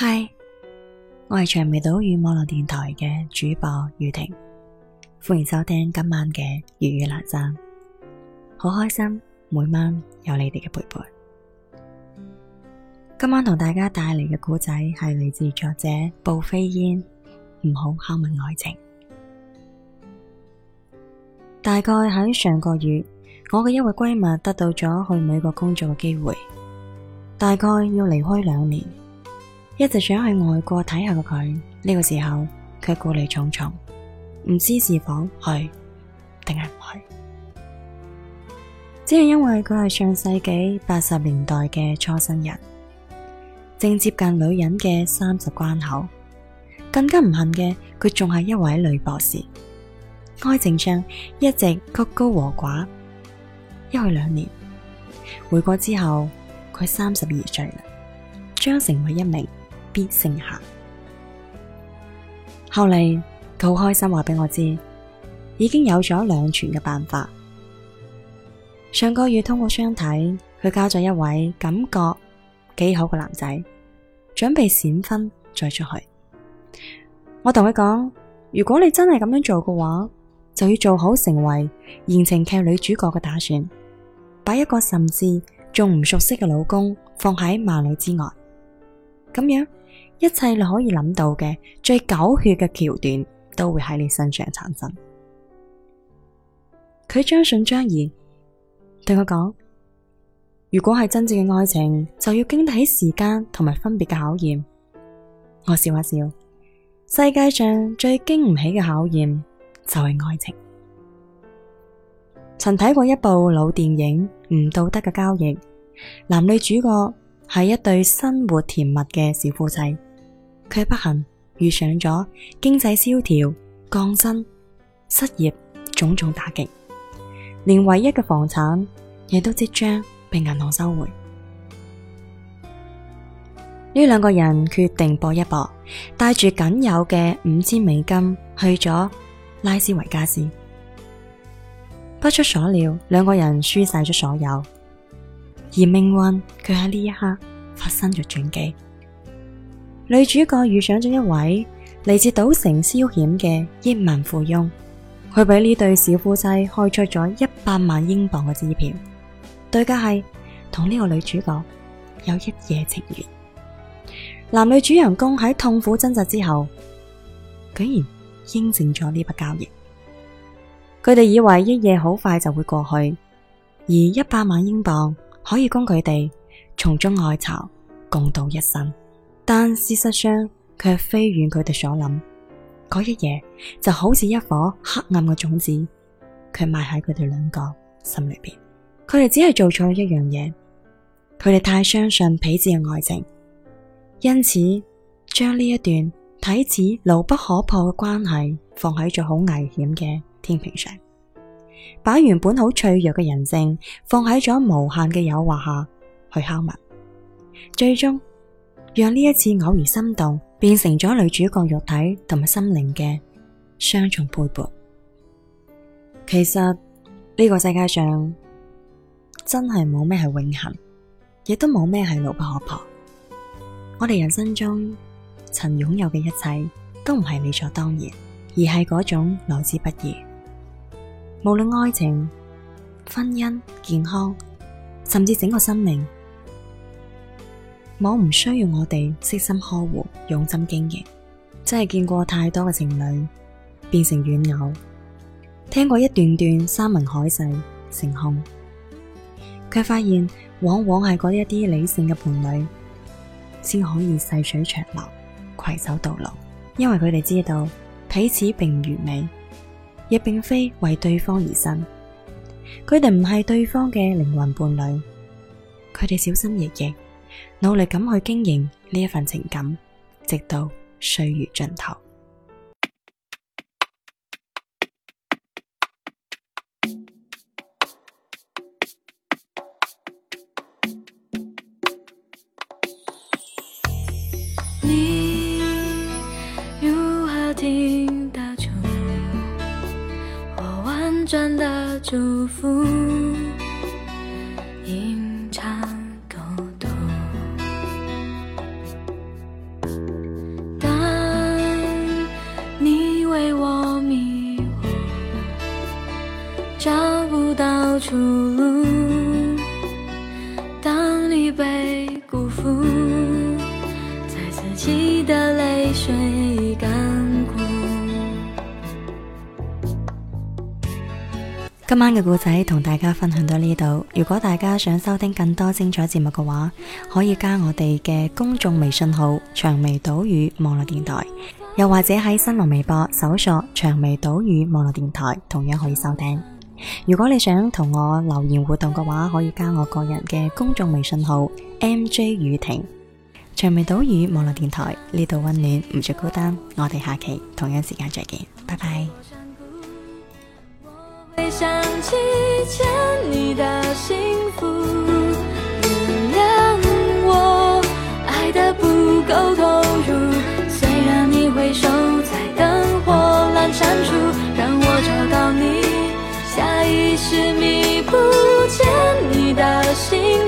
嗨，Hi, 我係長尾島與網絡電台嘅主播宇婷，歡迎收聽今晚嘅粵語冷讚。好開心每晚有你哋嘅陪伴。今晚同大家帶嚟嘅古仔係嚟自作者步非煙，唔好拷問愛情。大概喺上個月，我嘅一位閨蜜得到咗去美國工作嘅機會，大概要離開兩年。一直想去外國睇下嘅佢，呢個時候佢顧慮重重，唔知是否去定係唔去，只係因為佢係上世紀八十年代嘅初生人，正接近女人嘅三十關口，更加唔幸嘅佢仲係一位女博士，愛情上一直曲高和寡。一去兩年，回國之後佢三十二歲啦，將成為一名。剩下後嚟，佢好開心話俾我知，已經有咗兩全嘅辦法。上個月通過相睇，佢交咗一位感覺幾好嘅男仔，準備閃婚再出去。我同佢講，如果你真係咁樣做嘅話，就要做好成為言情劇女主角嘅打算，把一個甚至仲唔熟悉嘅老公放喺萬里之外，咁樣。一切你可以諗到嘅最狗血嘅橋段都會喺你身上產生。佢將信將疑，對我講：如果係真正嘅愛情，就要經得起時間同埋分別嘅考驗。我笑一笑，世界上最經唔起嘅考驗就係愛情。曾睇過一部老電影《唔道德嘅交易》，男女主角係一對生活甜蜜嘅小夫妻。佢不幸遇上咗經濟蕭條、降薪、失業種種打擊，連唯一嘅房產亦都即將被銀行收回。呢 兩個人決定搏一搏，帶住僅有嘅五千美金去咗拉斯維加斯。不出所料，兩個人輸晒咗所有，而命運卻喺呢一刻發生咗轉機。女主角遇上咗一位嚟自賭城消遣嘅億萬富翁，佢俾呢對小夫妻開出咗一百萬英鎊嘅支票，代價係同呢個女主角有一夜情緣。男女主人公喺痛苦掙扎之後，居然應承咗呢筆交易。佢哋以為一夜好快就會過去，而一百萬英鎊可以供佢哋重築愛巢，共度一生。但事實上卻遠，卻非如佢哋所諗。嗰一夜就好似一顆黑暗嘅種子，卻埋喺佢哋兩個心裏邊。佢哋只係做錯一樣嘢，佢哋太相信彼此嘅愛情，因此將呢一段睇似牢不可破嘅關係放喺咗好危險嘅天平上，把原本好脆弱嘅人性放喺咗無限嘅誘惑下去拷問，最終，讓呢一次偶然心動，變成咗女主角肉體同埋心靈嘅雙重背叛。其實，呢個世界上真係冇咩係永恒，亦都冇咩係牢不可破。我哋人生中曾擁有嘅一切，都唔係理所當然，而係嗰種來之不易。無論愛情、婚姻、健康，甚至整個生命。我唔需要我哋悉心呵護、用心經營。真係見過太多嘅情侶變成怨偶，聽過一段段山盟海誓、成空，卻發現往往係嗰一啲理性嘅伴侶先可以細水長流、攜手到老。因為佢哋知道彼此並唔完美，亦並非為對方而生。佢哋唔係對方嘅靈魂伴侶，佢哋小心翼翼，努力咁去經營呢一份情感，直到歲月盡頭。 你如何聽得出我婉轉的祝福？今晚嘅故仔同大家分享到呢度。如果大家想收聽更多精彩節目嘅話，可以加我哋嘅公眾微信號“長眉島嶼網絡電台”，又或者喺新浪微博搜索“長眉島嶼網絡電台”，同樣可以收聽。如果你想同我留言互動嘅話，可以加我個人嘅公眾微信號 NJ 宇婷。長尾島嶼網絡電台，呢度溫暖唔再孤單。我哋下期同樣時間再見，拜拜。執迷不見你的心。